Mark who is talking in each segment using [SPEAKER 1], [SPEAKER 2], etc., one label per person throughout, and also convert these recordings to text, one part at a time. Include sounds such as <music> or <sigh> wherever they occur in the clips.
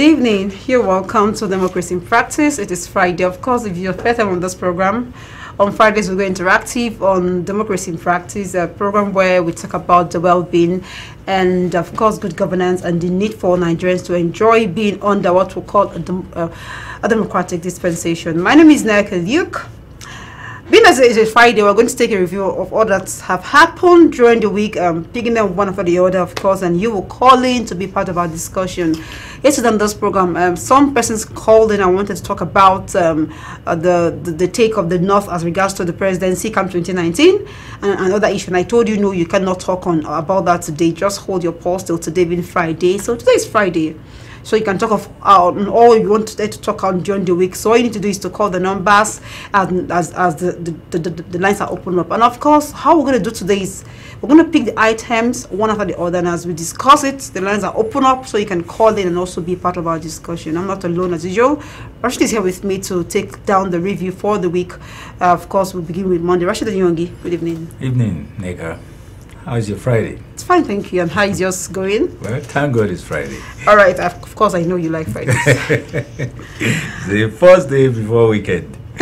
[SPEAKER 1] Good evening. You're welcome to Democracy in Practice. It is Friday, of course, if you're better on this program. On Fridays, we go interactive on Democracy in Practice, a program where we talk about the well being and, of course, good governance and the need for Nigerians to enjoy being under what we call a, dem uh, a democratic dispensation. My name is Nike Luke. Being as it is Friday, we're going to take a review of all that have happened during the week, um, picking them one after the other, of course, and you will call in to be part of our discussion. Yesterday on this program, um, some persons called in and wanted to talk about um, uh, the, the, the take of the North as regards to the presidency camp 2019 and another issue. And I told you, no, you cannot talk on about that today. Just hold your pause till today being Friday. So today is Friday so you can talk of on uh, all you want to talk on during the week. So all you need to do is to call the numbers and as, as the, the, the, the, lines are open up. And of course, how we're going to do today is we're going to pick the items one after the other. And as we discuss it, the lines are open up so you can call in and also be part of our discussion. I'm not alone as usual. Rashid is here with me to take down the review for the week. Uh, of course, we'll begin with Monday. Rashid Nyongi, good evening.
[SPEAKER 2] Evening, Nega. How's your Friday?
[SPEAKER 1] It's fine, thank you. And how is yours going?
[SPEAKER 2] Well, thank God it's Friday.
[SPEAKER 1] All right, of course, I know you like Friday. <laughs>
[SPEAKER 2] the first day before weekend. <laughs>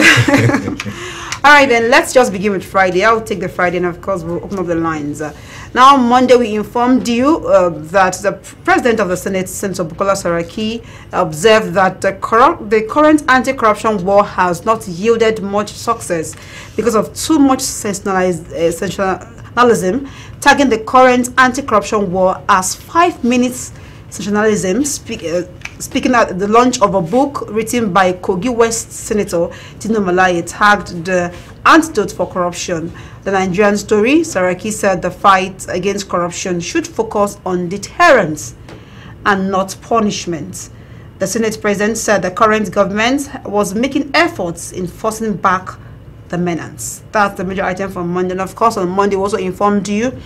[SPEAKER 1] All right, then let's just begin with Friday. I'll take the Friday, and of course, we'll open up the lines. Uh, now, Monday, we informed you uh, that the president of the Senate, Senator Bukola Saraki, observed that the, the current anti corruption war has not yielded much success because of too much sensationalized. Uh, nationalism, tagging the current anti-corruption war as five minutes sensationalism, speak, uh, speaking at the launch of a book written by Kogi West Senator Tino Malaya tagged The Antidote for Corruption. The Nigerian story, Saraki said the fight against corruption should focus on deterrence and not punishment. The Senate President said the current government was making efforts in forcing back the maintenance. That's the major item for Monday. And of course, on Monday, we also informed you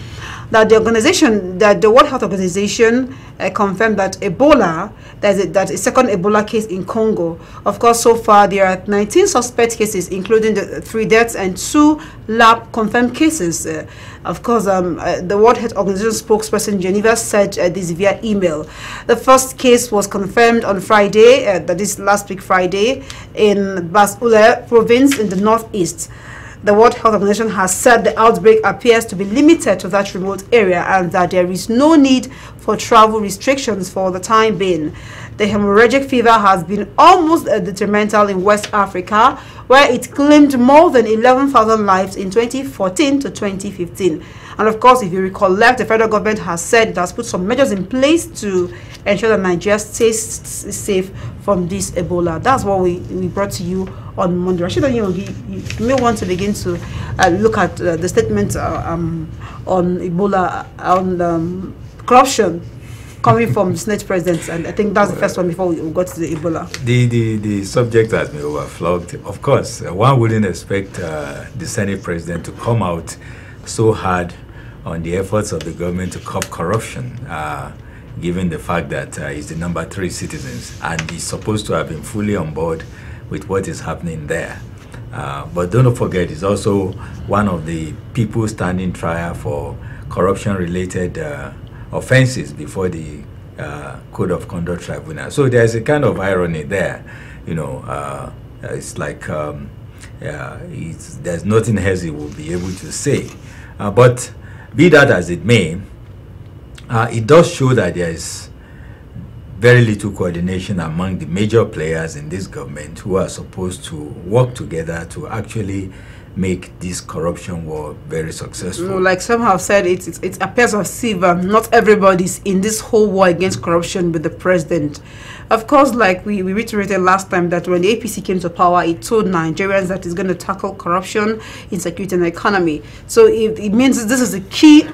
[SPEAKER 1] now the organization, that the World Health Organization uh, confirmed that Ebola, that a, is second Ebola case in Congo. Of course, so far there are 19 suspect cases, including the three deaths and two lab confirmed cases. Uh, of course, um, uh, the World Health Organization spokesperson Geneva said uh, this via email. The first case was confirmed on Friday, uh, that is last week Friday, in Basule province in the northeast. The World Health Organization has said the outbreak appears to be limited to that remote area and that there is no need for travel restrictions for the time being. The hemorrhagic fever has been almost detrimental in West Africa, where it claimed more than 11,000 lives in 2014 to 2015. And of course, if you recall, the federal government has said it has put some measures in place to ensure that Nigeria stays safe from this Ebola. That's what we, we brought to you on Monday. i you, know, you, may want to begin to uh, look at uh, the statement uh, um, on Ebola, on um, corruption coming from Senate presidents, and I think that's the first one before we got to the Ebola.
[SPEAKER 2] The, the, the subject has been overflogged. Of course, uh, one wouldn't expect uh, the Senate president to come out so hard on the efforts of the government to curb corruption. Uh, given the fact that uh, he's the number three citizens and he's supposed to have been fully on board with what is happening there. Uh, but don't forget, he's also one of the people standing trial for corruption-related uh, offenses before the uh, Code of Conduct Tribunal. So there's a kind of irony there. You know, uh, it's like um, it's, there's nothing else he will be able to say. Uh, but be that as it may, uh, it does show that there is very little coordination among the major players in this government who are supposed to work together to actually make this corruption war very
[SPEAKER 1] successful. No, like some have said, it, it, it appears as if um, not everybody's in this whole war against corruption with the president. Of course, like we, we reiterated last time, that when the APC came to power, it told Nigerians that it's going to tackle corruption, insecurity, and economy. So it, it means this is a key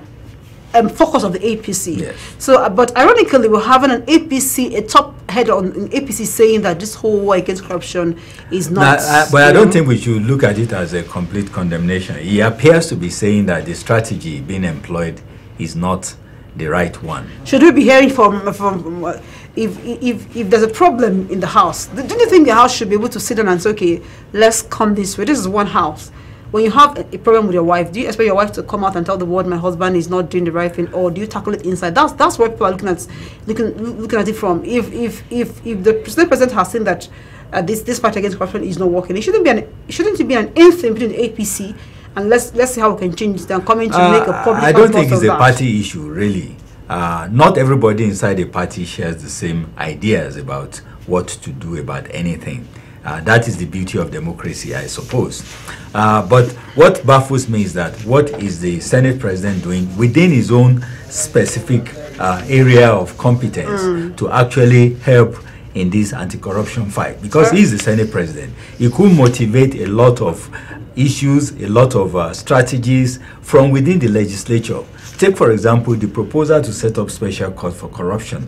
[SPEAKER 1] um, focus of the APC. Yes. So, uh, but ironically, we're having an APC, a top head on an APC saying that this whole war against corruption is not. Now, uh, I, but I don't think
[SPEAKER 2] we should look at it as a complete condemnation. He appears to be saying that the strategy being employed is not the right one.
[SPEAKER 1] Should we be hearing from from? Uh, if, if, if there's a problem in the house, don't you think the house should be able to sit down and say, okay, let's come this way? This is one house when you have a, problem with your wife, do you expect your wife to come out and tell the world my husband is not doing the right thing, or do you tackle it inside? That's that's where people are looking at looking looking at it from. If if if if the president has seen that uh, this this fight against corruption is not working, it shouldn't be an it shouldn't be an anything between the APC and let's let's see how we can change it coming to uh, make a public. I don't think it's a party
[SPEAKER 2] issue really. Uh, not everybody inside a party shares the same ideas about what to do about anything. Uh, that is the beauty of democracy, I suppose. Uh, but what baffles me is that what is the Senate president doing within his own specific uh, area of competence mm. to actually help in this anti-corruption fight? Because he's the Senate president, he could motivate a lot of issues, a lot of uh, strategies from within the legislature. Take, for example, the proposal to set up special court for corruption,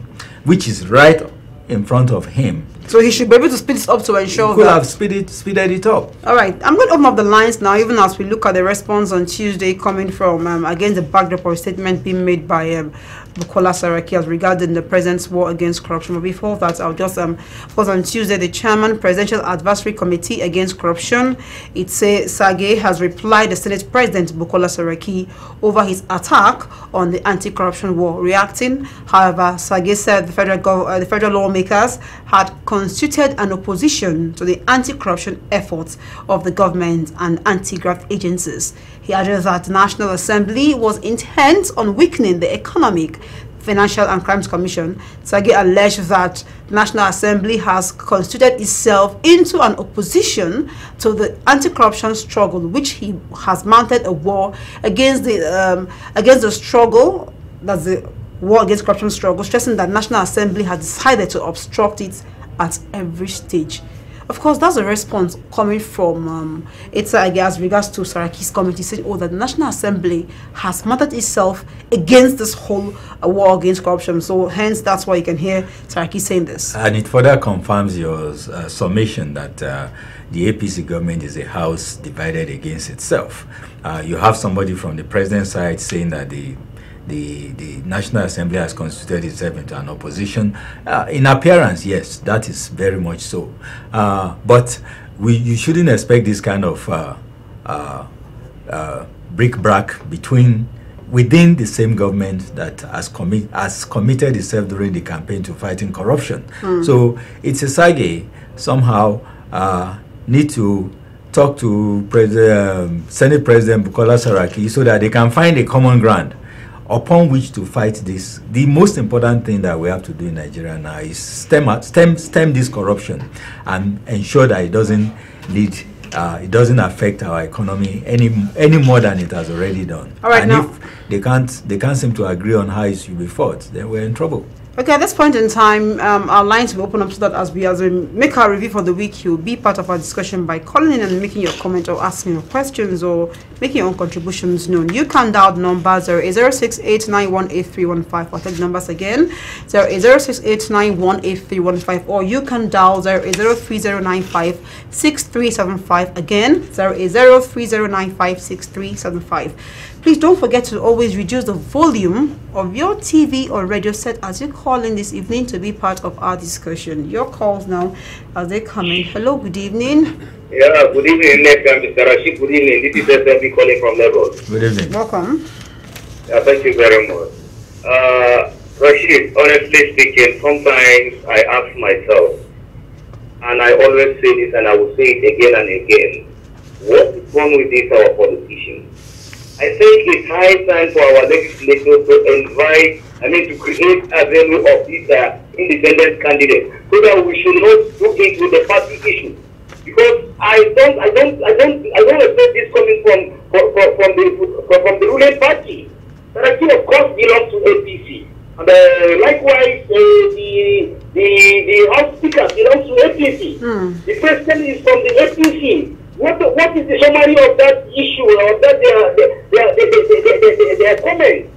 [SPEAKER 2] which is right in front of him
[SPEAKER 1] so he should be able to speed it up to ensure could that. have speeded, speeded it up. All right. I'm going to open up the lines now, even as we look at the response on Tuesday coming from, um, against the backdrop of a statement being made by um, Bukola Saraki as regarding the president's war against corruption. But before that, I'll just, um, of course, on Tuesday, the chairman, Presidential Advisory Committee Against Corruption, it says Sage has replied the Senate President Bukola Saraki over his attack on the anti-corruption war. Reacting, however, Sage said the federal, gov- uh, the federal lawmakers had. Con- constituted an opposition to the anti-corruption efforts of the government and anti-graft agencies. He added that the National Assembly was intent on weakening the economic, Financial and Crimes Commission. Sagi alleged that the National Assembly has constituted itself into an opposition to the anti-corruption struggle, which he has mounted a war against the um, against the struggle that's the war against corruption struggle, stressing that National Assembly has decided to obstruct it at every stage. Of course, that's a response coming from um, again, as regards to Saraki's committee saying, oh, that the National Assembly has mounted itself against this whole uh, war against corruption. So hence, that's why you can hear Saraki saying this. And
[SPEAKER 2] it further confirms your uh, summation that uh, the APC government is a house divided against itself. Uh, you have somebody from the president's side saying that the the, the National Assembly has constituted itself into an opposition. Uh, in appearance, yes, that is very much so. Uh, but we, you shouldn't expect this kind of uh, bric uh, uh, brick brac between within the same government that has, commi- has committed itself during the campaign to fighting corruption. Mm. So it's a sage somehow uh, need to talk to President, um, Senate President Bukola Saraki so that they can find a common ground upon which to fight this. The most important thing that we have to do in Nigeria now is stem, stem, stem this corruption and ensure that it doesn't lead uh, it doesn't affect our economy any any more than it has already done. All right, and now, if they can't they can't seem to agree on how it should be fought, then we're in trouble.
[SPEAKER 1] Okay, at this point in time, um, our lines will open up so that as we as we make our review for the week, you'll be part of our discussion by calling in and making your comment or asking your questions or making your own contributions known. You can dial the number 08068918315. I'll the numbers again 08068918315 or you can dial 08030956375 again 08030956375. Please don't forget to always reduce the volume of your TV or radio set as you call in this evening to be part of our discussion. Your calls now as they come in. Hello, good evening.
[SPEAKER 3] Yeah, good evening, Mr. Rashid. Good evening. This is SLB calling from Lagos.
[SPEAKER 1] Good evening. Welcome.
[SPEAKER 3] Yeah, thank you very much. Uh, Rashid, honestly
[SPEAKER 4] speaking, sometimes I ask myself, and I always say this and I will say
[SPEAKER 3] it again and again, what is wrong with these our politicians? I think it's high time for our legislators to invite, I mean, to create a venue of these uh, independent candidates so that we should not look into the party issue. Because I don't, I don't, I don't, I don't expect this coming from from, from the from, from the ruling party. of course, belongs to APC, and uh, likewise, uh, the the the House Speaker belongs to APC. Mm. The president is from the APC. What, the, what is the summary of that issue uh, or that their, uh, their, their, their, their, their, their, their comment?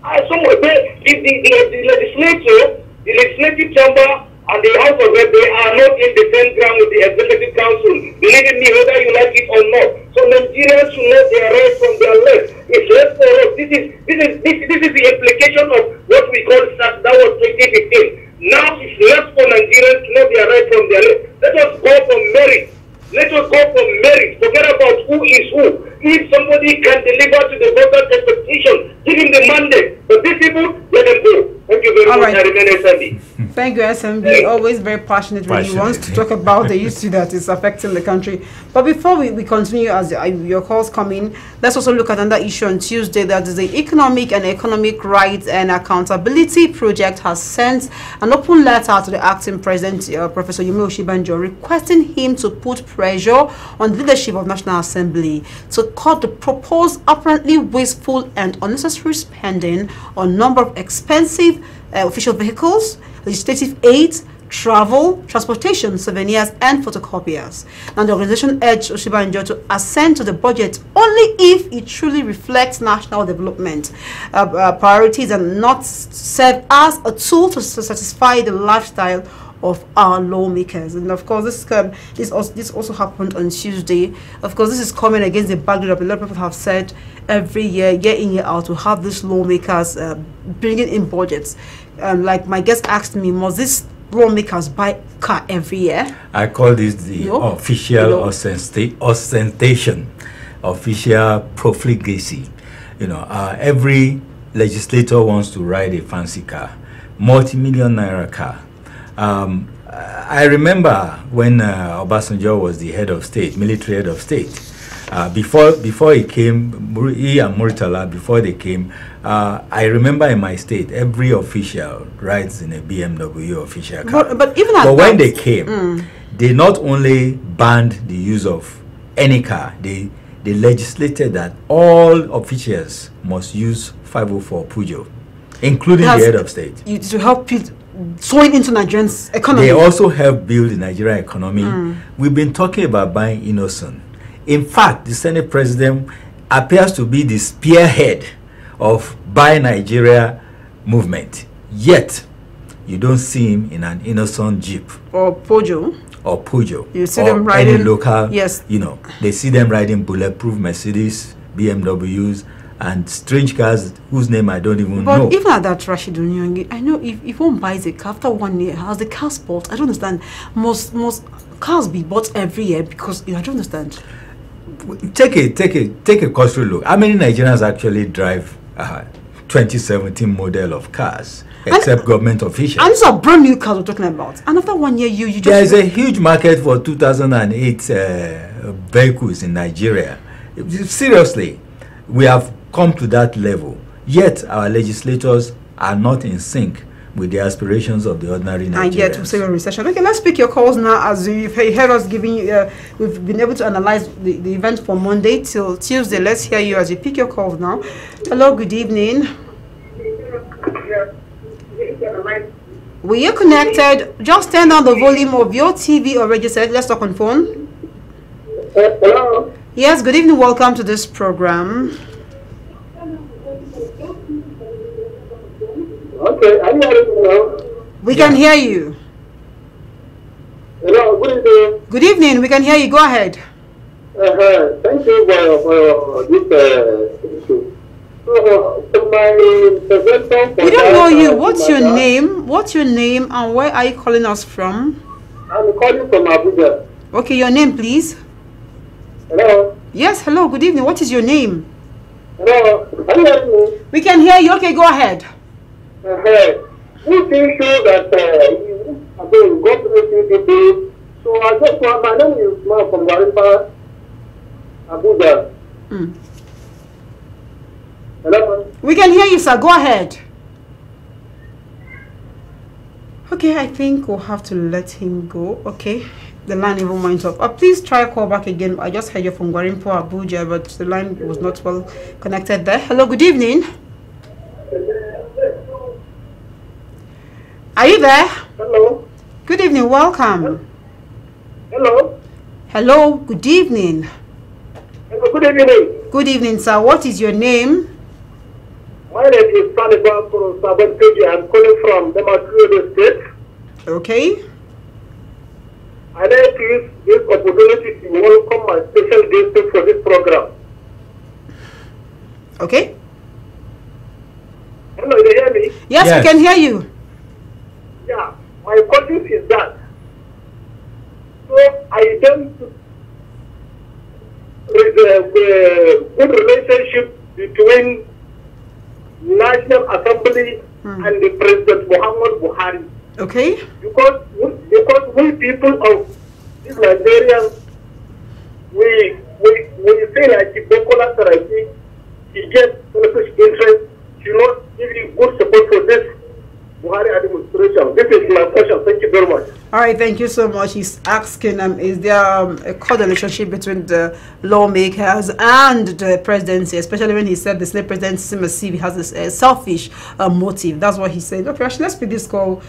[SPEAKER 3] Uh, some the, the, the, the legislature, the legislative chamber, and the House of Rep, they are not in the same ground with the Executive Council. Believe me, whether you like it or not. So Nigerians should know their rights from their left. It's left for us. This is this is this, this is the implication of what we call that, that was 2015. Now it's left for Nigerians to know their rights from their left. Let us go for merit. Let us go for merit. Forget about who is who. If somebody can deliver to the voters' expectation, give him the mandate. But these people, let them go. Thank you very All much. Right. I remain
[SPEAKER 1] Thank you, SMB. Always very passionate when passionate. he wants to talk about the issue that is affecting the country. But before we, we continue, as uh, your calls come in, let's also look at another issue on Tuesday that is the Economic and Economic Rights and Accountability Project has sent an open letter to the acting president, uh, Professor Yemi Oshibanjo, requesting him to put pressure on the leadership of National Assembly to cut the proposed, apparently wasteful and unnecessary spending on a number of expensive uh, official vehicles legislative aids, travel, transportation, souvenirs, and photocopiers. Now, the organization urged Oshibanjo to assent to the budget only if it truly reflects national development uh, uh, priorities and not serve as a tool to satisfy the lifestyle of our lawmakers. And of course, this um, this also this also happened on Tuesday. Of course, this is coming against the backdrop. A lot of people have said every year, year in year out, we have these lawmakers uh, bringing in budgets uh, like my guest asked me, must this lawmakers buy car every year?
[SPEAKER 2] I call this the official ostentation, official profligacy. You know, uh, every legislator wants to ride a fancy car, multi-million naira car. Um, I remember when uh, Obasanjo was the head of state, military head of state uh, before before he came, he and Murtala, before they came, uh, I remember in my state, every official rides in a BMW official car.
[SPEAKER 1] But, but even but when they came, mm.
[SPEAKER 2] they not only banned the use of any car, they they legislated that all officials must use 504 Pujo, including the head of state,
[SPEAKER 1] you, to help people sowing into Nigerian's economy. They also
[SPEAKER 2] help build the Nigerian economy. Mm. We've been talking about buying Innocent in fact, the Senate president appears to be the spearhead of Buy Nigeria movement. Yet, you don't see him in an innocent jeep.
[SPEAKER 1] Or Pojo. Or Pojo. You see them riding. Any local, yes. You
[SPEAKER 2] know, they see them riding bulletproof Mercedes, BMWs, and strange cars whose name I don't even but know. But even
[SPEAKER 1] at that Rashidun Yangi, I know if, if one buys a car after one year, how's the car bought? I don't understand. Most most cars be bought every year because you know, I don't understand.
[SPEAKER 2] take a take a take a cursory look. How many Nigerians actually drive uh, 2017 model of cars? Except I'm, government officials. And these
[SPEAKER 1] are brand new cars we're talking about. And after one year, you you just there is a
[SPEAKER 2] huge market for 2008 uh, vehicles in Nigeria. Seriously, we have come to that level. Yet our legislators are not in sync with the aspirations
[SPEAKER 1] of the ordinary Nigerians. And yet we say recession. Okay, let's pick your calls now as you've heard us giving, uh, we've been able to analyze the, the event from Monday till Tuesday. Let's hear you as you pick your calls now. Hello, good evening. We are connected. Just turn down the volume of your TV or register. Let's talk on phone. Hello. Yes, good evening. Welcome to this program. Okay, I hear you We yeah. can hear you. Hello, good evening. Good evening, we can hear you. Go ahead.
[SPEAKER 3] Uh-huh. Thank you for, for this uh, issue.
[SPEAKER 1] Uh, so, we don't know you. Uh, what's your name? What's your name and where are you calling us from? I'm calling from Abuja. Okay, your name, please. Hello. Yes, hello, good evening. What is your name? Hello, Are you We can hear you. Okay, go ahead. Uh, which issue
[SPEAKER 3] that uh, again bless you, CDP. So I just want my name is Mark from Waripa, Abuja.
[SPEAKER 1] Mm. Hello. We can hear you, sir. Go ahead. Okay, I think we'll have to let him go. Okay, the line even went off. Uh, please try call back again. I just heard you from Guarimpo, Abuja, but the line was not well connected there. Hello, good evening you there? Hello. Good evening. Welcome. Hello. Hello. Good evening. good evening. Good evening, sir. What is your name? My name is Sanibal Sanibam Sabenteji. I'm calling from Demakuru
[SPEAKER 3] State. Okay. I would like to use this opportunity to welcome my special guest for this program. Okay. Hello, you hear me?
[SPEAKER 1] Yes, yes, we can hear you.
[SPEAKER 3] My focus is that. So I don't a good relationship between National Assembly hmm. and the President Muhammad Buhari. Okay. Because because we people of Nigeria, we we we feel like Bokola Saraki, he gets selfish interest, you not giving good support for this Buhari administration.
[SPEAKER 1] This is my question. Thank you very much. All right, thank you so much. He's asking, um, is there um, a cordial relationship between the lawmakers and the presidency, especially when he said the slave presidency massive has a selfish uh, motive. That's what he said. Okay, actually, let's put this call.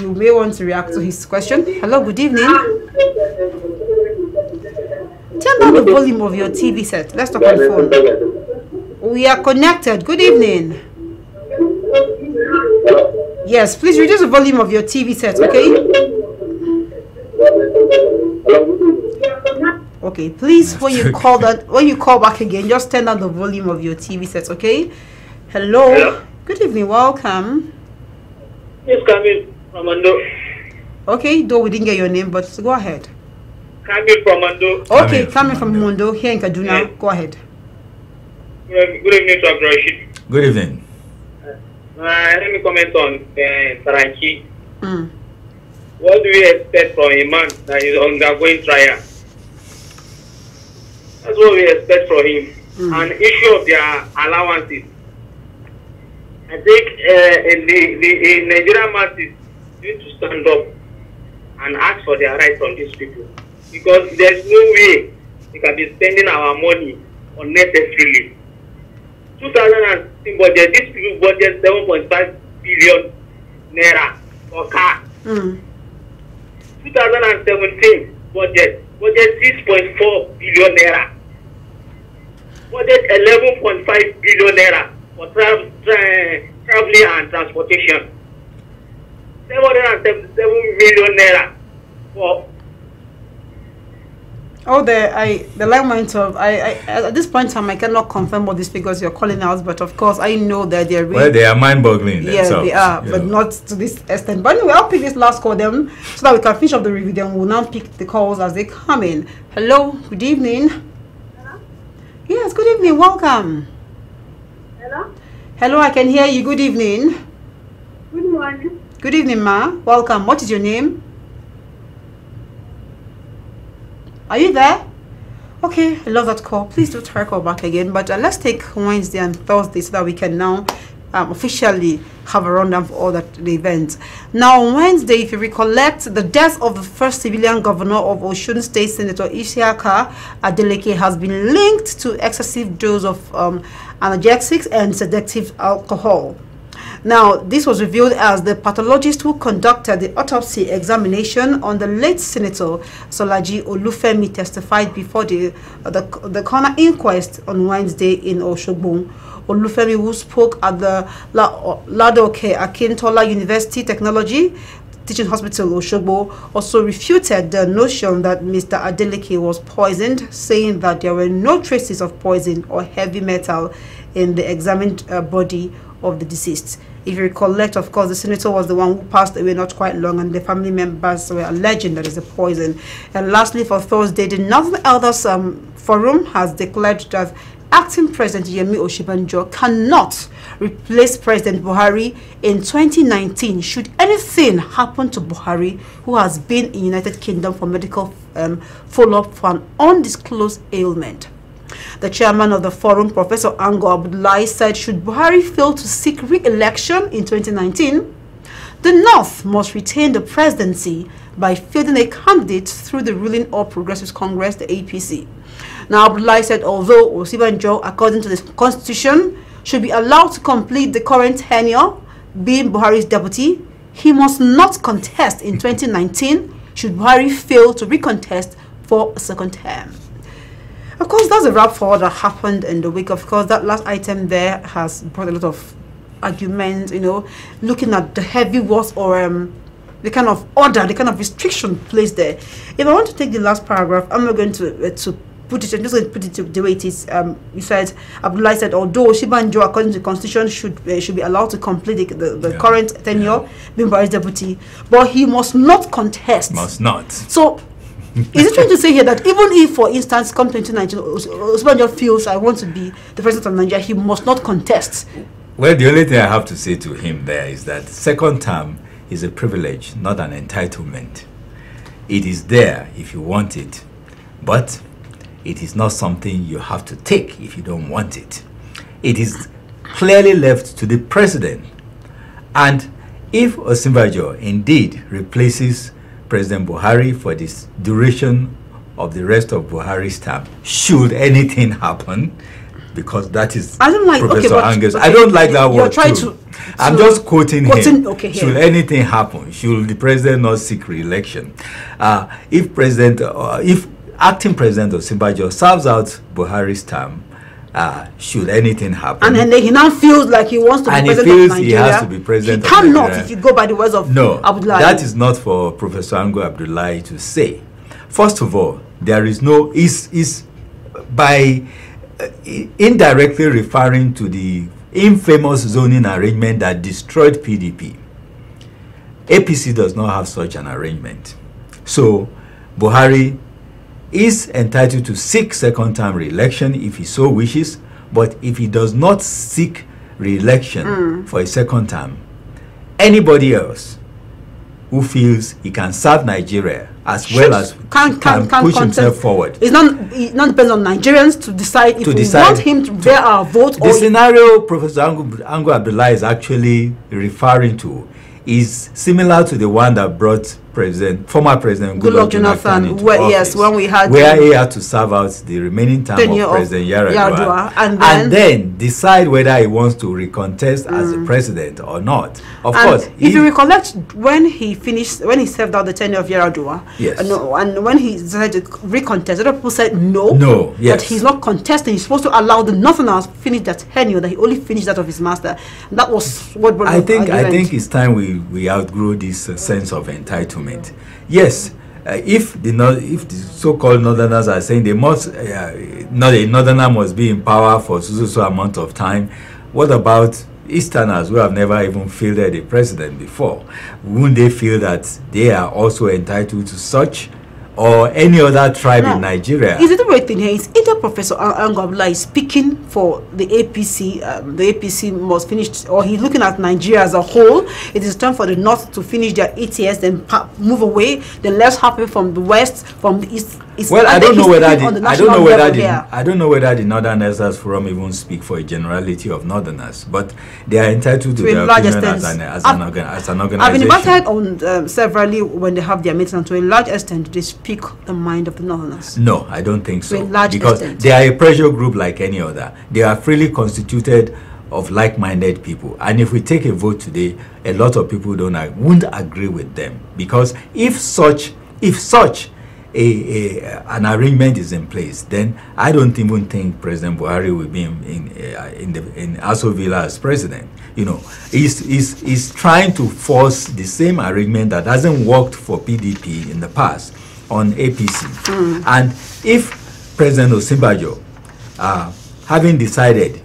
[SPEAKER 1] You may want to react to his question. Hello, good evening.
[SPEAKER 4] Turn
[SPEAKER 1] down the volume of your TV set. Let's talk on the phone. We are connected. Good evening.
[SPEAKER 4] Yes, please reduce the
[SPEAKER 1] volume of your TV set, okay? Okay, please when you call that when you call back again, just turn down the volume of your TV set, okay? Hello. Yeah. Good evening, welcome. Yes, Kamil from Ando. Okay, though we didn't get your name, but go ahead.
[SPEAKER 3] Kamil from Ando.
[SPEAKER 1] Okay, coming from, Mundo here in Kaduna. Yeah. Go ahead.
[SPEAKER 3] Good evening, Good evening. let me comment on uh, Mm. What do you expect from a man that is undergoing trial? That's what we expect from him. Mm. An issue of their allowances. I think uh, in the, the in Nigerian masses need to stand up and ask for their rights from these people because there's no way we can be spending our money unnecessarily two thousand and sixteen budget these people budget seven point five billion naira for car. Mm. two thousand and seventeen budget budget six point four billion naira budget eleven point five billion naira for tra tra travelling and transportation seven hundred and seventy-seven million naira for
[SPEAKER 1] Oh, the I the line went off. I, I at this point in time I cannot confirm what these figures you're calling out, but of course I know that they're really. Well, they are mind-boggling. Yeah, they are, but know. not to this extent. But anyway, I'll pick this last call then, so that we can finish up the review. Then we'll now pick the calls as they come in. Hello, good evening. Hello. Yes, good evening. Welcome. Hello. Hello, I can hear you. Good evening.
[SPEAKER 4] Good morning.
[SPEAKER 1] Good evening, ma. Welcome. What is your name? Are you there? Okay, I love that call. Please do try call back again. But uh, let's take Wednesday and Thursday so that we can now um, officially have a rundown for all that the events. Now, on Wednesday, if you recollect, the death of the first civilian governor of Oshun State, Senator Ishiaka Adeleke, has been linked to excessive dose of um, analgesics and sedative alcohol. Now, this was revealed as the pathologist who conducted the autopsy examination on the late Senator Solaji Olufemi testified before the, uh, the, the coroner inquest on Wednesday in Oshogbon. Olufemi, who spoke at the Ladoke Akintola University Technology Teaching Hospital Oshogbo also refuted the notion that Mr. Adeleke was poisoned, saying that there were no traces of poison or heavy metal in the examined uh, body of the deceased. If you recollect, of course, the senator was the one who passed away not quite long, and the family members were alleging that it's a poison. And lastly, for Thursday, the Northern Elders um, Forum has declared that acting President Yemi Oshibanjo cannot replace President Buhari in 2019 should anything happen to Buhari, who has been in United Kingdom for medical um, follow-up for an undisclosed ailment. The chairman of the forum, Professor Ango Abdullahi, said should Buhari fail to seek re-election in 2019, the North must retain the presidency by fielding a candidate through the ruling All Progressives Congress, the APC. Now, Abdullahi said although Osibanjo, according to the constitution, should be allowed to complete the current tenure, being Buhari's deputy, he must not contest in 2019 should Buhari fail to recontest for a second term. Of course, that's a wrap for all that happened in the week. Of course, that last item there has brought a lot of arguments. you know, looking at the heavy words or um, the kind of order, the kind of restriction placed there. If I want to take the last paragraph, I'm not going to uh, to put it, I'm just going to put it to the way it is. Um, you said, Abdullah said, although Shibanjo, according to the constitution, should uh, should be allowed to complete the, the, the yeah. current tenure, yeah. being deputy, but he must not contest. Must not. So is it trying to say here that even if, for instance, come 2019, Osinbajo feels I want to be the president of Nigeria, he must not contest?
[SPEAKER 2] Well, the only thing I have to say to him there is that second term is a privilege, not an entitlement. It is there if you want it, but it is not something you have to take if you don't want it. It is clearly left to the president. And if Osinbajo indeed replaces President Buhari for this duration of the rest of Buhari's term, should anything happen, because that is I don't like Professor okay, but, Angus. Okay, I don't like that word. Too. To, to I'm just quoting, quoting him. Okay, should anything happen, should the president not seek re-election, uh, if President, uh, if acting President of Simbajo serves out Buhari's term, uh, should anything happen. And then he
[SPEAKER 1] now feels like he wants to and be and he feels of Nigeria. he has to be
[SPEAKER 2] president. He cannot, if you
[SPEAKER 1] go by the words of no, Abdullahi. That is
[SPEAKER 2] not for Professor Ango Abdullahi to say. First of all, there is no is is by uh, indirectly referring to the infamous zoning arrangement that destroyed PDP. APC does not have such an arrangement. So Buhari is entitled to seek second time re-election if he so wishes, but if he does not seek re-election mm. for a second time, anybody else who feels he can serve Nigeria as Should, well as can, can, can push himself forward. It's
[SPEAKER 1] not it not depends on Nigerians to decide if to we decide want him to, to bear our vote. The scenario
[SPEAKER 2] Professor Angu, Angu Abdullah is actually referring to is similar to the one that brought president, former president Goodluck, Jonathan, Well,
[SPEAKER 1] yes, when we had where he had
[SPEAKER 2] to serve out the remaining term of President Yaradua, Yaradua and, then, and, then, decide whether he wants to recontest mm. as a president or not. Of and course, if he, you
[SPEAKER 1] recollect, when he finished, when he served out the tenure of Yaradua, yes, no, and when he decided to recontest, other people said no, no, yes. that he's not contesting. He's supposed to allow the else finish that tenure. That he only finished that of his master. That was what I think. I think
[SPEAKER 2] it's time we we outgrow this uh, sense of entitlement government. Yes, uh, if the if the so-called northerners are saying they must uh, not a northerner must be in power for so, so, so amount of time, what about Easterners who have never even fielded a president before? Wouldn't they feel that they are also entitled to such or any other tribe now, in Nigeria. Is it
[SPEAKER 1] right thing It's either Professor Angabla is speaking for the APC, um, the APC must finish, or he's looking at Nigeria as a whole. It is time for the North to finish their ETS, then move away. Then let's happen from the West, from the East, it's well, I don't, know whether the, I don't know whether the,
[SPEAKER 2] I don't know whether the Northerners Forum even speak for a generality of Northerners, but they are entitled to, to their opinion as an, as, I've, an organ, as an organization. I've been invited
[SPEAKER 1] on um, severally when they have their meetings, and to a large extent, they speak the mind of the Northerners. No, I don't
[SPEAKER 2] think so. To a large because extent. they are a pressure group like any other. They are freely constituted of like-minded people and if we take a vote today a lot of people don't wouldn't agree with them because if such if such a, a, an arrangement is in place, then I don't even think President Buhari will be in in, uh, in, the, in Aso Villa as president. You know, he's, he's, he's trying to force the same arrangement that hasn't worked for PDP in the past on APC. Mm. And if President Osinbajo, uh, having decided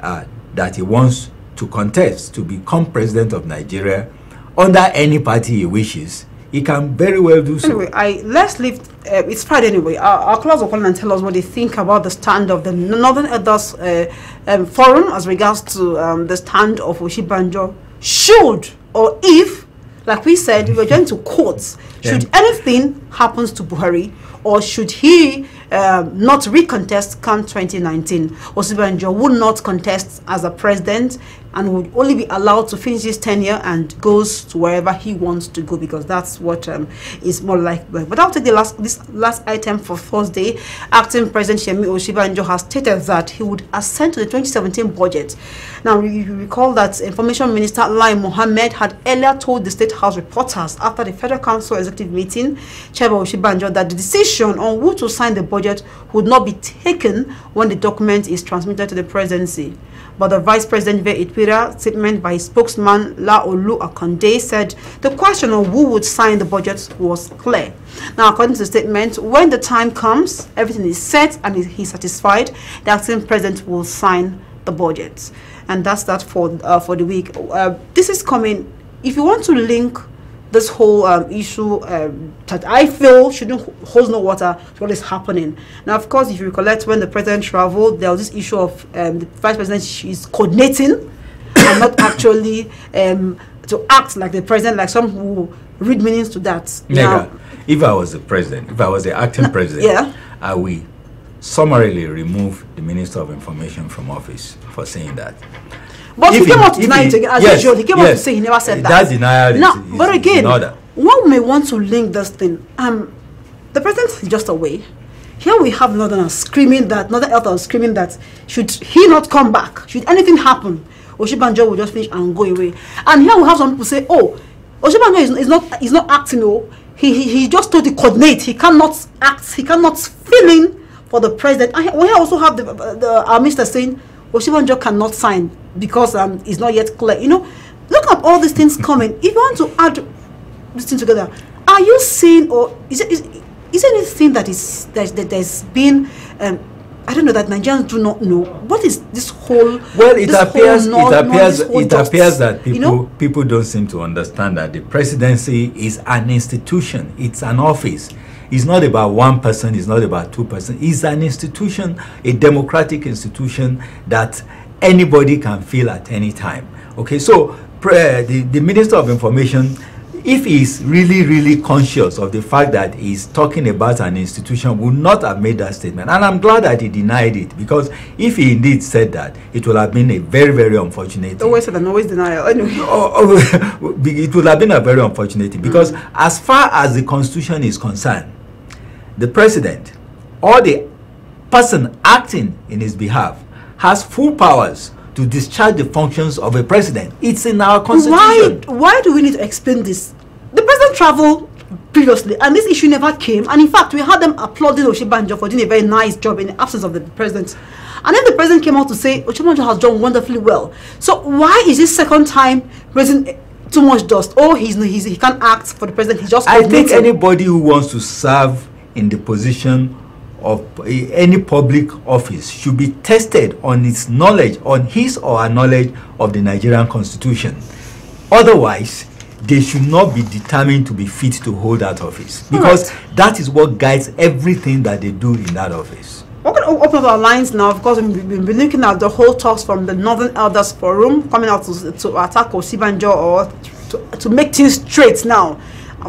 [SPEAKER 2] uh, that he wants to contest to become president of Nigeria under any party he wishes, he can very well do so.
[SPEAKER 1] Anyway, I let's leave. Uh, it's Friday anyway. Our, our callers will come and tell us what they think about the stand of the Northern Elders uh, um, Forum as regards to um, the stand of Oshibanjo. Should or if, like we said, we are going to courts. Should yeah. anything happens to Buhari, or should he uh, not recontest come 2019? Osibanjo would not contest as a president and would only be allowed to finish his tenure and goes to wherever he wants to go because that's what um, is more like. But I'll take the last this last item for Thursday. Acting President Yemi Oshibanjo has stated that he would assent to the 2017 budget. Now, you recall that Information Minister Lai Mohammed had earlier told the State House reporters after the Federal Council executive meeting, Chairman Oshibanjo, that the decision on who to sign the budget would not be taken when the document is transmitted to the presidency. But the Vice President, Ve Twitter statement by spokesman Laolu Akonde said the question of who would sign the budget was clear. Now, according to the statement, when the time comes, everything is set and he's satisfied, the acting president will sign the budget. And that's that for, uh, for the week. Uh, this is coming. If you want to link this whole um, issue um, that I feel shouldn't hold no water to what is happening. Now, of course, if you recollect when the president traveled, there was this issue of um, the vice president she's coordinating and not actually um, to act like the president, like some who read meanings to that. Nega,
[SPEAKER 2] now, if I was the president, if I was the acting president, yeah. I will summarily remove the Minister of Information from office for saying that.
[SPEAKER 1] But if he came out to deny it, again, as yes, usual. He came yes, out to say he never said that. That denial now, is, is but again, one may want to link this thing. Um, the president is just away. Here we have Northerners screaming that, Northern Elders screaming that, should he not come back, should anything happen, Oshibanjo will just finish and go away. And here we have some people say, oh, Oshibanjo is, is not is not acting. Oh, he, he he just told the coordinate. He cannot act. He cannot fill in for the president. And we also have the, the our minister saying Oshibanjo cannot sign because um it's not yet clear. You know, look at all these things coming. If you want to add this thing together, are you seeing or is it is, is anything that is that, that there's been um, I don't know that Nigerians do not know what is this whole. Well, it appears whole, it appears it appears that people you know?
[SPEAKER 2] people don't seem to understand that the presidency is an institution. It's an office. It's not about one person. It's not about two person. It's an institution, a democratic institution that anybody can feel at any time. Okay, so uh, the, the minister of information if he's really, really conscious of the fact that he's talking about an institution, would not have made that statement. And I'm glad that he denied it because if he indeed said that, it would have been a very, very unfortunate. Always and always
[SPEAKER 1] denial. <laughs>
[SPEAKER 2] Oh, oh, <laughs> it would have been a very unfortunate because mm. as far as the constitution is concerned, the president or the person acting in his behalf has full powers to discharge the functions of a president. It's in our constitution.
[SPEAKER 1] Why, why do we need to explain this? The president traveled previously and this issue never came and in fact we had them applauding Oshibanjo for doing a very nice job in the absence of the president and then the president came out to say Oshibanjo has done wonderfully well so why is this second time raising too much dust oh he's, he's he can't act for the president he just I think anybody
[SPEAKER 2] who wants to serve in the position of any public office should be tested on its knowledge, on his or her knowledge of the Nigerian Constitution. Otherwise, they should not be determined to be fit to hold that office because right. that is what guides everything that they do in that office.
[SPEAKER 1] We're going to open up our lines now. Of course, we've been looking at the whole talks from the Northern Elders Forum coming out to, to attack Osibanjo or to, to make things straight now.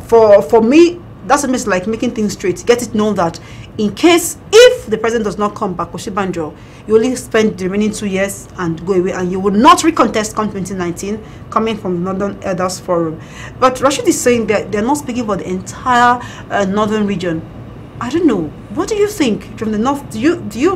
[SPEAKER 1] For, for me, that's a means like making things straight. Get it known that in case if the president does not come back, Oshibanjo, you only spend the remaining two years and go away, and you will not recontest come 2019, coming from the Northern Elders Forum. But Rashid is saying that they're not speaking for the entire uh, northern region. I don't know. What do you think from the north? Do you do you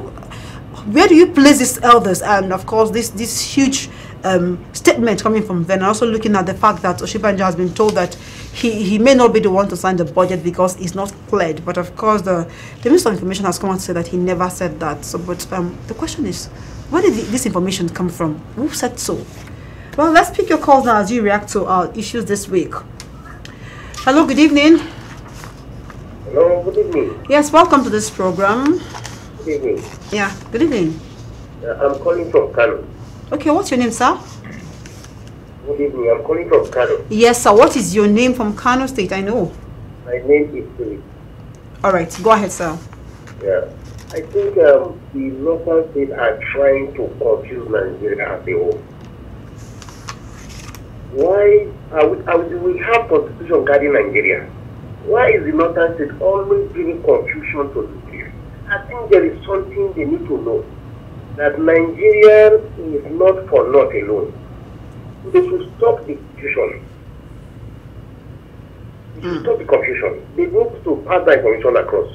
[SPEAKER 1] where do you place these elders and of course this this huge um, statement coming from then, also looking at the fact that Oshibanja has been told that he, he may not be the one to sign the budget because it's not cleared. But of course, the, the Minister of Information has come out to say that he never said that. So, but um, the question is, where did the, this information come from? Who said so? Well, let's pick your calls now as you react to our issues this week. Hello, good evening. Hello, good evening. Yes, welcome to this program. Good evening. Yeah, good evening.
[SPEAKER 4] Uh, I'm calling from Kano.
[SPEAKER 1] Okay, what's your name, sir?
[SPEAKER 4] Good evening. I'm calling from Kano.
[SPEAKER 1] Yes, sir. What is your name from Kano State? I know.
[SPEAKER 3] My name is Philip.
[SPEAKER 1] All right. Go ahead, sir.
[SPEAKER 3] Yeah. I think um, the local state are trying to confuse Nigeria as a whole. Why are we, are we, we have constitution guarding Nigeria? Why is the northern state always giving confusion to the state? I think there is something they need to know that Nigeria is not for naught alone. They should stop the confusion. They should mm. stop the confusion. They need to pass that information across.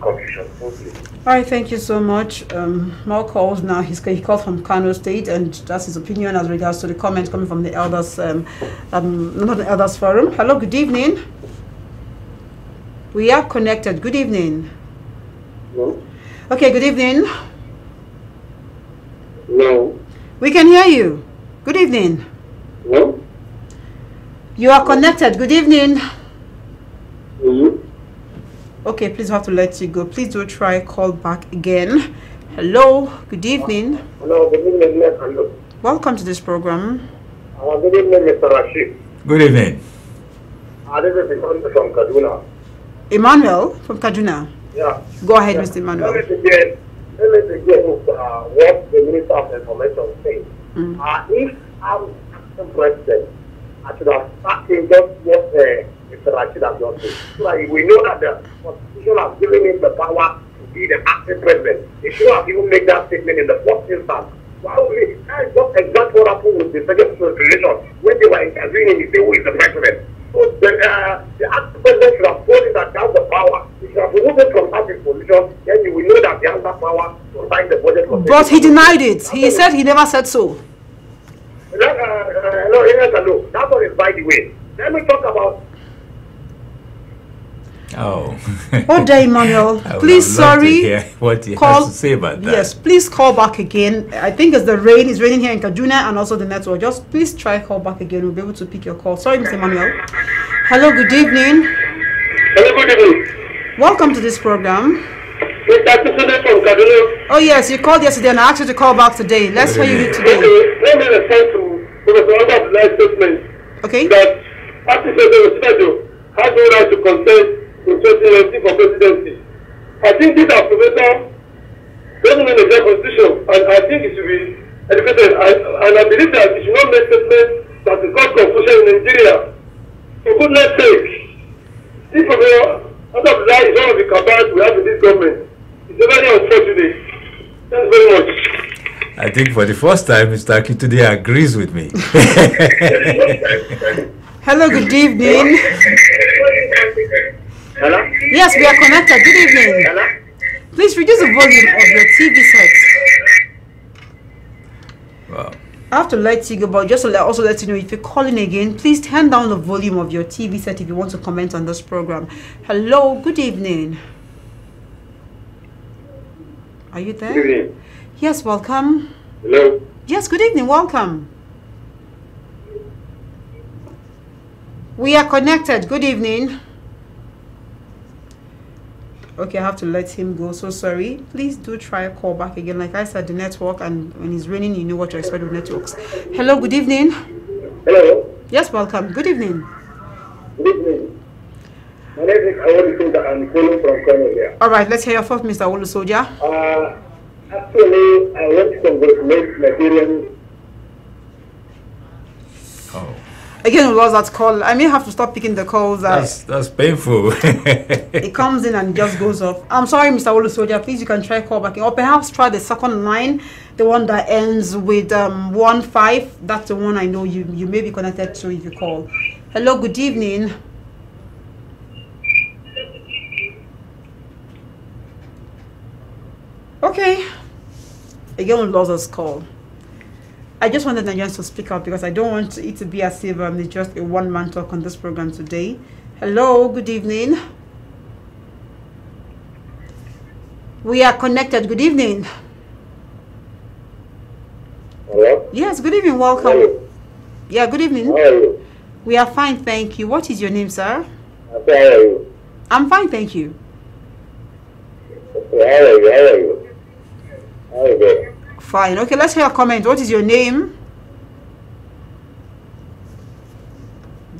[SPEAKER 3] confusion. All
[SPEAKER 1] right, thank you so much. Um, more calls now. He's, he called from Kano State, and that's his opinion as regards to the comment coming from the elders, um, um, not the elders forum. Hello, good evening. We are connected. Good evening. Hello. Hmm? Okay, good evening. We can hear you. Good evening. Hello? You are connected. Good evening. Hello? Okay, please have to let you go. Please do try call back again. Hello. Good evening. Hello. Good evening. Hello. Welcome to this program.
[SPEAKER 3] Uh, good evening, Mr. Rashid. Good evening. Uh, this is Emmanuel from Kaduna.
[SPEAKER 1] Emmanuel from Kaduna. Yeah. Go ahead, yeah. Mr.
[SPEAKER 3] Emmanuel let me begin with uh, what the Minister of Information said.
[SPEAKER 1] Mm. Uh, if
[SPEAKER 3] I'm the president, I should have started just what uh, Mr. Rashid has just said. Like, we know that the Constitution has given him the power to be the acting president. He should have even made that statement in the first instance. Wow, that is just exactly what happened with the second relation. When they were interviewing him, he said, Who is the president? So the, uh, the acting president should have told him that that's the power you it from that then you will know that power to the But he
[SPEAKER 1] denied it. He said he never said so.
[SPEAKER 3] Uh, uh, no, yes That one is by the way. Let me talk about.
[SPEAKER 1] Oh. <laughs> oh, dear Emmanuel. please, sorry.
[SPEAKER 2] what you call, have to say about that. Yes,
[SPEAKER 1] please call back again. I think it's the rain. It's raining here in Kaduna and also the network. Just please try call back again. We'll be able to pick your call. Sorry, Mr. Emmanuel. Hello, good evening. Hello, good evening. Welcome to this program. Oh yes, you called yesterday and I asked you to call back today. Let's hear you today. Okay, let me respond to Professor Albert's last statement. Okay. That Artificial
[SPEAKER 3] Sedo has no right to contest in 2019 for presidency. I think this are Professor doesn't mean the constitution and I think it should be educated and, I believe that it should not make statements that will cause confusion in Nigeria. For goodness sake, if Professor Out of that is one of the campaigns we have in this government.
[SPEAKER 1] It's very unfortunate. Thanks very much.
[SPEAKER 2] I think for the first time, Mr. Akitude agrees with me. <laughs>
[SPEAKER 1] Hello, good evening. Hello? Yes, we are connected. Good evening. Hello? Please reduce the volume of your TV set. I have to let you go, just to also let you know if you're calling again, please turn down the volume of your TV set if you want to comment on this program. Hello, good evening. Are you there? Good evening. Yes, welcome. Hello. Yes, good evening, welcome. We are connected. Good evening okay i have to let him go so sorry please do try call back again like i said the network and when it's raining you know what to expect with networks hello good evening hello yes welcome good evening
[SPEAKER 3] good evening my name is I'm calling from Kano
[SPEAKER 1] All right, let's hear your thoughts, Mr. Awolu soldier
[SPEAKER 3] Uh, actually, I want to congratulate Nigerian.
[SPEAKER 1] Oh again we lost that call i may have to stop picking the calls that's I,
[SPEAKER 2] that's painful <laughs>
[SPEAKER 1] it comes in and just goes off i'm sorry mr Olu soldier please you can try call back or perhaps try the second line the one that ends with um one five that's the one i know you you may be connected to if you call hello good evening okay again we lost this call I just wanted Nigerians to speak up because I don't want it to be as if um, it's just a one-man talk on this program today. Hello, good evening. We are connected. Good evening. Hello? Yes, good evening. Welcome. Hello. Yeah, good evening. How are you? We are fine, thank you. What is your name, sir? How are you? I'm fine, thank you. How
[SPEAKER 4] are you? How are you? How are you?
[SPEAKER 1] fine okay let's hear a comment what is your name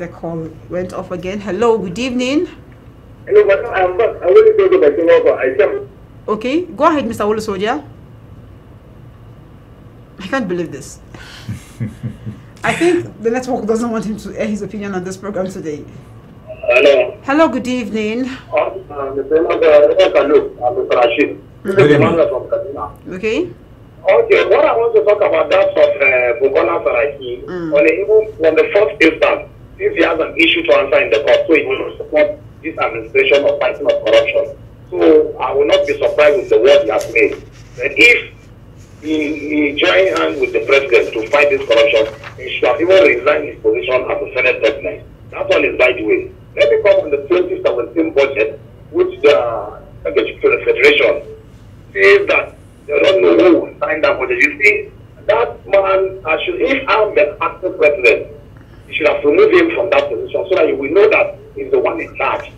[SPEAKER 1] the call went off again hello good evening okay go ahead mr Olu i can't believe this <laughs> i think the network doesn't want him to air his opinion on this program today Hello. Hello, good evening.
[SPEAKER 3] Uh, good evening. Okay. Okay, what I want to talk about that of uh, Bukola Saraki, mm. on, even on the fourth instance, since he has an issue to answer in the court, so he will support this administration of fighting of corruption. So I will not be surprised with the word he has made. And if he, he join hands with the president to fight this corruption, he shall even resign his position as a Senate president. That one is by the way. Let me come on the 2017 budget, which the the uh, Federation says that But you see, that man, I uh, should, if I'm the acting president, you should have removed him from that position so that you will know that he's the one in charge.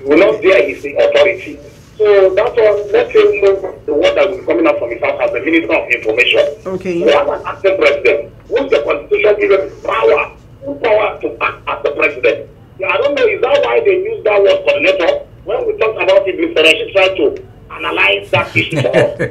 [SPEAKER 3] You will not there, he's the authority. So that's all, let him know the word that will be coming out from his house as the Minister of Information. Okay. We have an acting president Who's the Constitution given power, Who power to act as the president. Yeah, I don't know, is that why they use that word coordinator? When we talked about it before, she tried to analyze that issue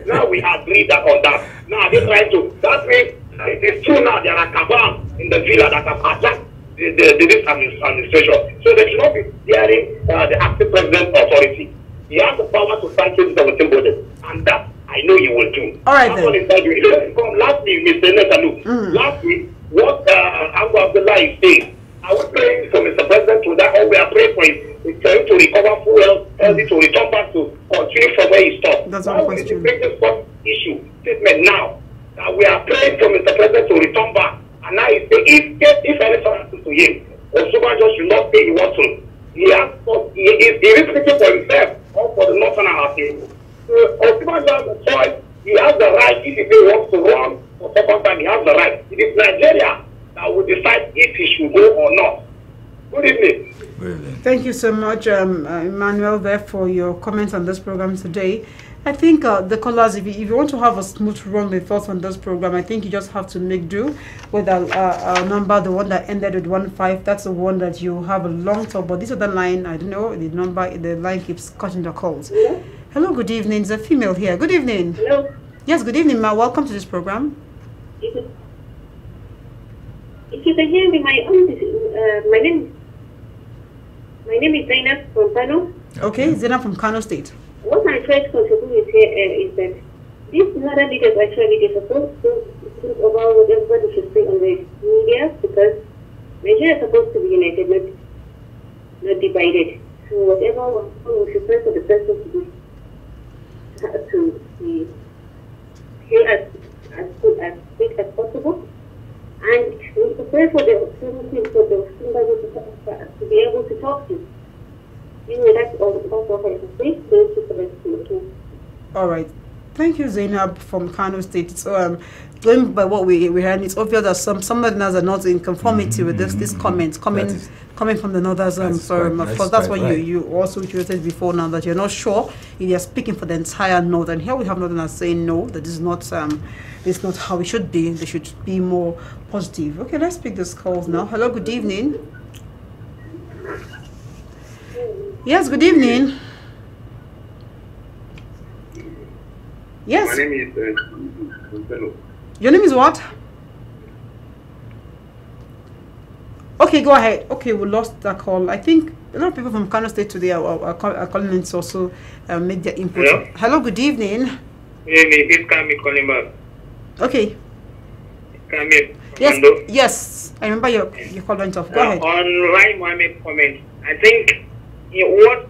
[SPEAKER 3] <laughs> Now we agree that on that. Now they try to, that means uh, it is true now there are cabal in the villa that have attacked the, the, the, this administration. So they should not be hearing uh, the acting president authority. He has the power to sanction the government budget, and that I know he will do. All right, then. What you. Last week, Mr. Netalu, mm. last week, what uh, Abu Abdullah is saying, Are we praying for Mr. President to that or we are praying for him? for him to recover full health, healthy to return back to continue from where he stopped. That's our question. Why bring this issue statement now that we are praying for Mr. President to return back? And now he say if if anything happens to him, just should not say he wants to. He has not, he is he is speaking for himself or for the northern half people. So Osubanjo has the choice. He has the right if he wants to run for second time. He has the right. It is Nigeria. that will decide if he should go or not. Good evening.
[SPEAKER 1] Thank you so much, um, uh, Emmanuel, there for your comments on this program today. I think uh, the callers, if you, if you want to have a smooth run with thoughts on this program, I think you just have to make do with a number, the one that ended with one five. That's the one that you have a long talk. But this other line, I don't know, the number, the line keeps cutting the calls. Yeah. Hello, good evening. It's a female here. Good evening. Hello. Yes, good evening, ma. Welcome to this program.
[SPEAKER 4] If you can hear me, my own, uh, my name, my name is Zainab from Kano.
[SPEAKER 1] Okay, Zainab from Kano State.
[SPEAKER 4] What my friends contribute here uh, is that these northern leaders actually they supposed to think about what everybody should say on the media because Nigeria is supposed to be united, not not divided. So whatever we should pray for the person to be to be here as as good as quick as possible and we prepare for the opportunity for the to be able to talk to. You
[SPEAKER 1] All right. Thank you, Zainab from Kano State. So, um, going by what we, we heard, it's obvious that some some northerners are not in conformity mm -hmm. with this this comment coming is, coming from the northerners. Um, of course, that's what right. you you also reiterated before now that you're not sure if you're speaking for the entire northern. Here we have northerners saying no, that is not um it's not how it should be. They should be more positive. Okay, let's pick those calls now. Hello, good evening. Yes, good evening.
[SPEAKER 4] Yes. My name is uh,
[SPEAKER 1] Your name is what? Okay, go ahead. Okay, we lost that call. I think a lot of people from Kano State today are, are, are calling in to also uh, make their input. Hello? Hello, good evening.
[SPEAKER 3] Good evening. It's Kami calling back. Okay. Kamil,
[SPEAKER 1] yes, Mando. yes, I remember your, your comments off. Go uh, ahead. On
[SPEAKER 3] Rai Mohammed comment, I think you know, what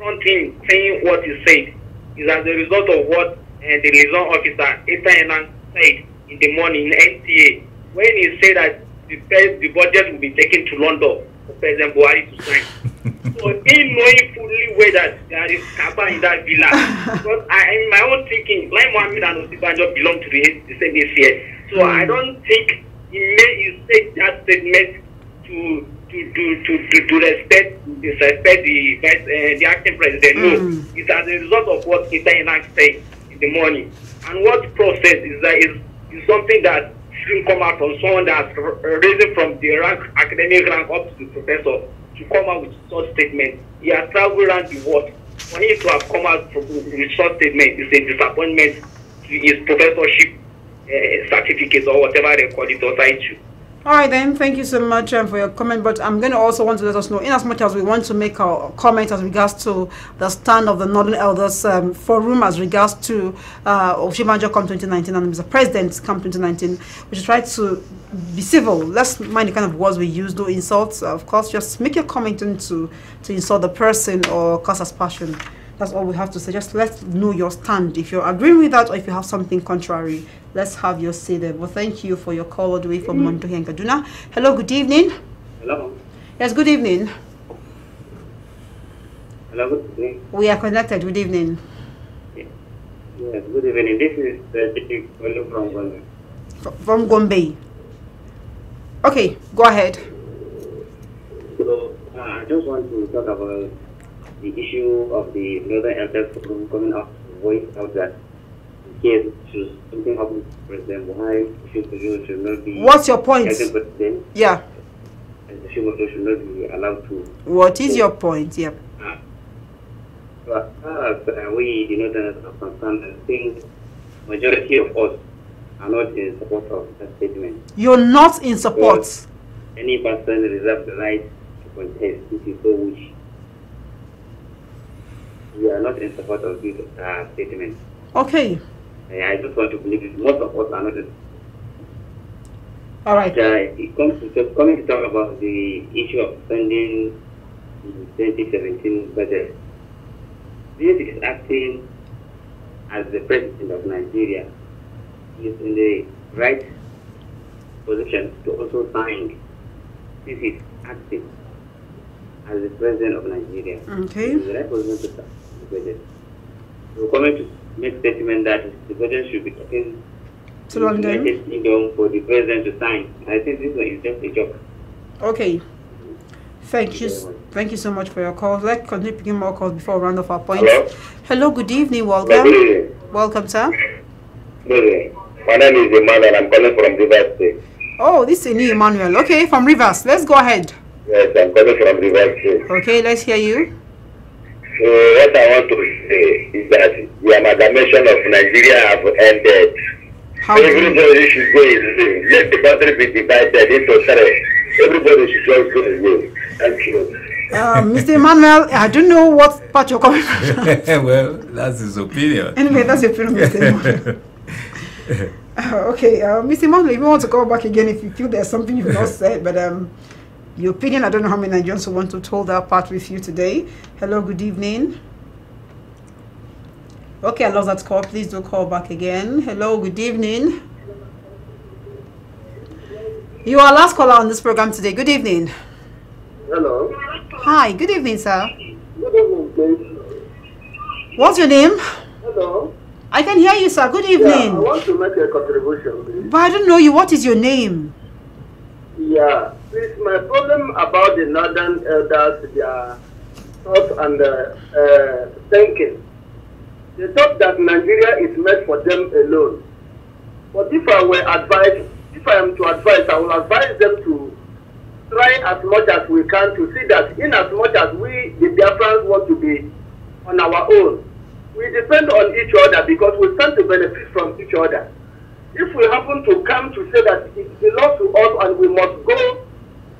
[SPEAKER 3] fronting saying what he said is as a result of what uh, the liaison officer, Eta said in the morning in NTA when he said that the, the budget will be taken to London for President Buhari to sign. so him knowing fully well that there is Kaba in that villa. <laughs> because I, in my own thinking, like Mohammed and Osibanjo belong to the, the same ACS. So mm. I don't think he make he said that statement to to to to, to, to respect disrespect the vice uh, the acting president. Mm. No, hmm. it's as a result of what Itayanak said in the morning. And what process is that is is something that shouldn't come out from someone that's risen from the rank academic rank up to the professor. to come out with such statement. He has traveled around the world. For him to have come out with such statement is a disappointment to his professorship uh, certificate or whatever they call it or title.
[SPEAKER 1] All right, then. Thank you so much um, for your comment. But I'm going to also want to let us know, in as much as we want to make our comment as regards to the stand of the Northern Elders um, Forum as regards to uh, Oshibanjo come 2019 and Mr. President come 2019, we should try to be civil. Let's mind the kind of words we use, no insults, of course. Just make your comment into to insult the person or cause us passion. That's all we have to say. Just let's know your stand. If you're agreeing with that or if you have something contrary, let's have your say there. Well, thank you for your call all the way from mm. Mm-hmm. Montohi Kaduna. Hello, good evening. Hello. Yes, good evening.
[SPEAKER 4] Hello, good evening.
[SPEAKER 1] We are connected. Good evening.
[SPEAKER 4] Yes, yes good evening. This is uh, from Gombe.
[SPEAKER 1] From Gombe. Okay, go ahead.
[SPEAKER 4] So, uh, I just want to talk about the issue of the brother elder coming out, voice out that yes, should something happen to president, why should Brazil should not be. What's your point? President, yeah. And the should, should not be allowed to.
[SPEAKER 1] What is your point? Yep.
[SPEAKER 4] Yeah. But as uh, we, the Northerners, are concerned, I think majority of us are not in support of that statement.
[SPEAKER 1] You're not in support. Because
[SPEAKER 4] any person reserves the right to contest This is so wishes we are not in support of these uh, statements. Okay. I just want to believe it. Most of us are not all right. Uh, it comes to, coming to talk about the issue of spending the 2017 budget. This is acting as the president of Nigeria. He is in the right position to also sign. This is acting as the president of Nigeria. Okay. He is in the right position to sign. We're The to make statement that the president should be taken to London Kingdom for the president to sign. I think this is just a joke.
[SPEAKER 1] Okay. Thank you. Thank you so much for your call. Let's continue picking more calls before we round off our points. Hello? Hello, good evening. Welcome. Good evening. Welcome, sir.
[SPEAKER 4] Good evening. My name is Emmanuel. I'm calling from Rivers State.
[SPEAKER 1] Oh, this is Emmanuel. Okay, from Rivers. Let's go ahead.
[SPEAKER 4] Yes, I'm calling from Rivers
[SPEAKER 1] State. Okay, let's hear you.
[SPEAKER 3] So what I want to say is that the amalgamation of Nigeria have ended. How Everybody should go in. Let the country be divided into three. Everybody should just go his Thank you.
[SPEAKER 1] Uh, um, Mr. Emmanuel, I don't know what part you're coming from.
[SPEAKER 2] <laughs> well, that's his opinion. Anyway, that's your opinion, Mr.
[SPEAKER 1] Emmanuel. <laughs> uh, okay, uh, Mr. Emmanuel, if you want to call back again if you feel there's something you've not said, but um, your opinion. I don't know how many Nigerians want to hold that part with you today. Hello, good evening. Okay, I lost that call. Please do call back again. Hello, good evening. You are last caller on this program today. Good evening. Hello. Hi, good evening, sir.
[SPEAKER 3] Good evening, please. What's your name? Hello.
[SPEAKER 1] I can hear you, sir. Good evening. Yeah, I
[SPEAKER 3] want to make a contribution, please. But I don't
[SPEAKER 1] know you. What is your name?
[SPEAKER 3] Yeah. With my problem about the northern elders, their thought and uh, uh thinking, they thought that Nigeria is meant for them alone. But if I were advised, if I am to advise, I will advise them to try as much as we can to see that in as much as we, the Biafrans, want to be on our own, we depend on each other because we stand to benefit from each other. If we happen to come to say that it belongs to us and we must go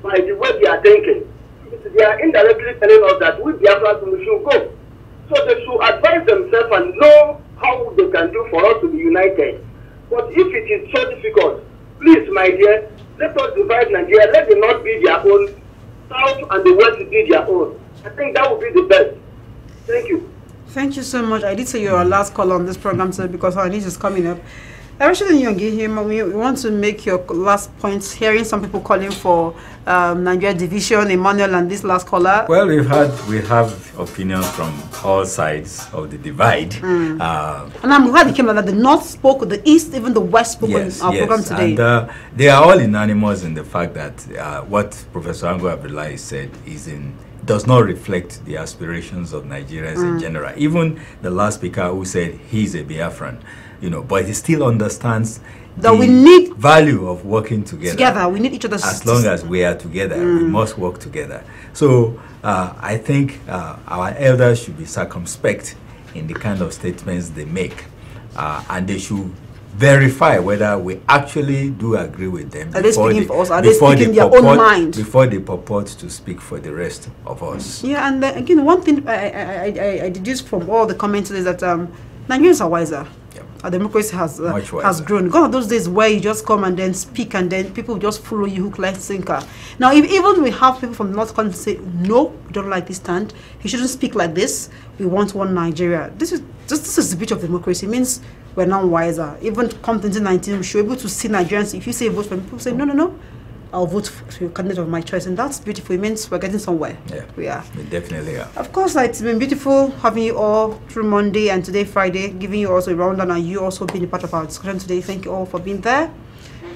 [SPEAKER 3] by the way they are thinking. They are indirectly telling us that we Biafra we should go. So they should advise themselves and know how they can do for us to be united. But if it is so difficult, please, my dear, let us divide Nigeria. Let them not be their own, South and the West be their
[SPEAKER 1] own. I think that would be the best. Thank you. Thank you so much. I did say you're our last call on this program today because our news is coming up. Everything you give him, we want to make your last point. Hearing some people calling for um, Nigeria division, Emmanuel, and this last caller.
[SPEAKER 2] Well, we've had we have opinions from all sides of the divide. Mm. Uh,
[SPEAKER 1] and I'm glad it came out that the North spoke, the East, even the West spoke yes, our yes. program today. And,
[SPEAKER 2] uh, they are all unanimous in the fact that uh, what Professor Ango Abdullahi said is in does not reflect the aspirations of Nigerians mm. in general. Even the last speaker who said he's a Biafran you know, but he still understands that we need value of working together. Together, we need each other. As long as we are together, mm. we must work together. So uh, I think uh, our elders should be circumspect in the kind of statements they make, uh, and they should verify whether we actually do agree with them. Are they speaking they, for us? Are they speaking they their own mind? Before they purport to speak for the rest of
[SPEAKER 1] us. Yeah, and uh, again, one thing I, I, I, I deduce from all the comments is that um, Nigerians are wiser democracy ah, has uh, has grown. Gone are those days where you just come and then speak and then people just follow you hook, line, sinker. Now, if, even we have people from North Country say, no, we don't like this stand. He shouldn't speak like this. We want one Nigeria. This is just this is the beauty of democracy. It means we're now wiser. Even come 2019, we should be able to see Nigerians. If you say vote for people say no, no, no. I'll vote for the candidate of my choice. And that's beautiful. It means we're getting somewhere. Yeah. We are.
[SPEAKER 2] We definitely are.
[SPEAKER 1] Of course, it's been beautiful having you all through Monday and today, Friday, giving you also a round, and you also being a part of our discussion today. Thank you all for being there.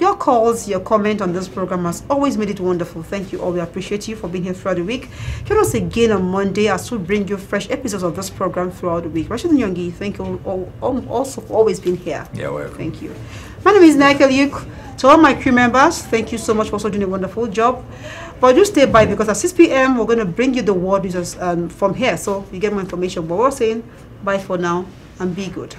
[SPEAKER 1] Your calls, your comment on this program has always made it wonderful. Thank you all. We appreciate you for being here throughout the week. Join us again on Monday as we bring you fresh episodes of this program throughout the week. Rashid Nyongi, thank you all, all, also for always being here. Yeah, welcome. Thank you. My name is Nike Luke. To all my crew members, thank you so much for also doing a wonderful job. But you stay by because at 6 p.m. we're going to bring you the world users um, from here. So you get more information. But we're saying bye for now and be good.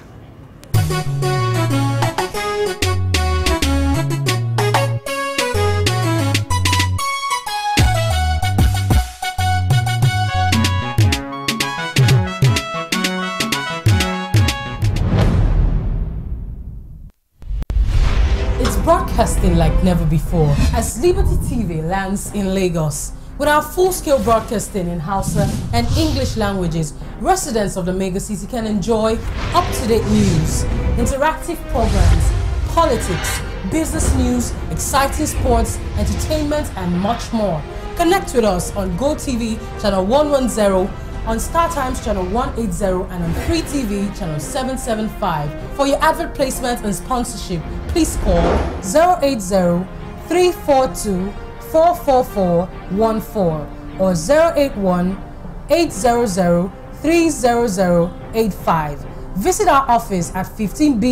[SPEAKER 1] broadcasting like never before as Liberty TV lands in Lagos. With our full-scale broadcasting in Hausa and English languages, residents of the megacity can enjoy up-to-date news, interactive programs, politics, business news, exciting sports, entertainment, and much more. Connect with us on GoTV channel 110 on Star Times channel 180 and on Free TV channel 775. For your advert placement and sponsorship, please call 080 342 44414 or 081 800 Visit our
[SPEAKER 2] office at 15B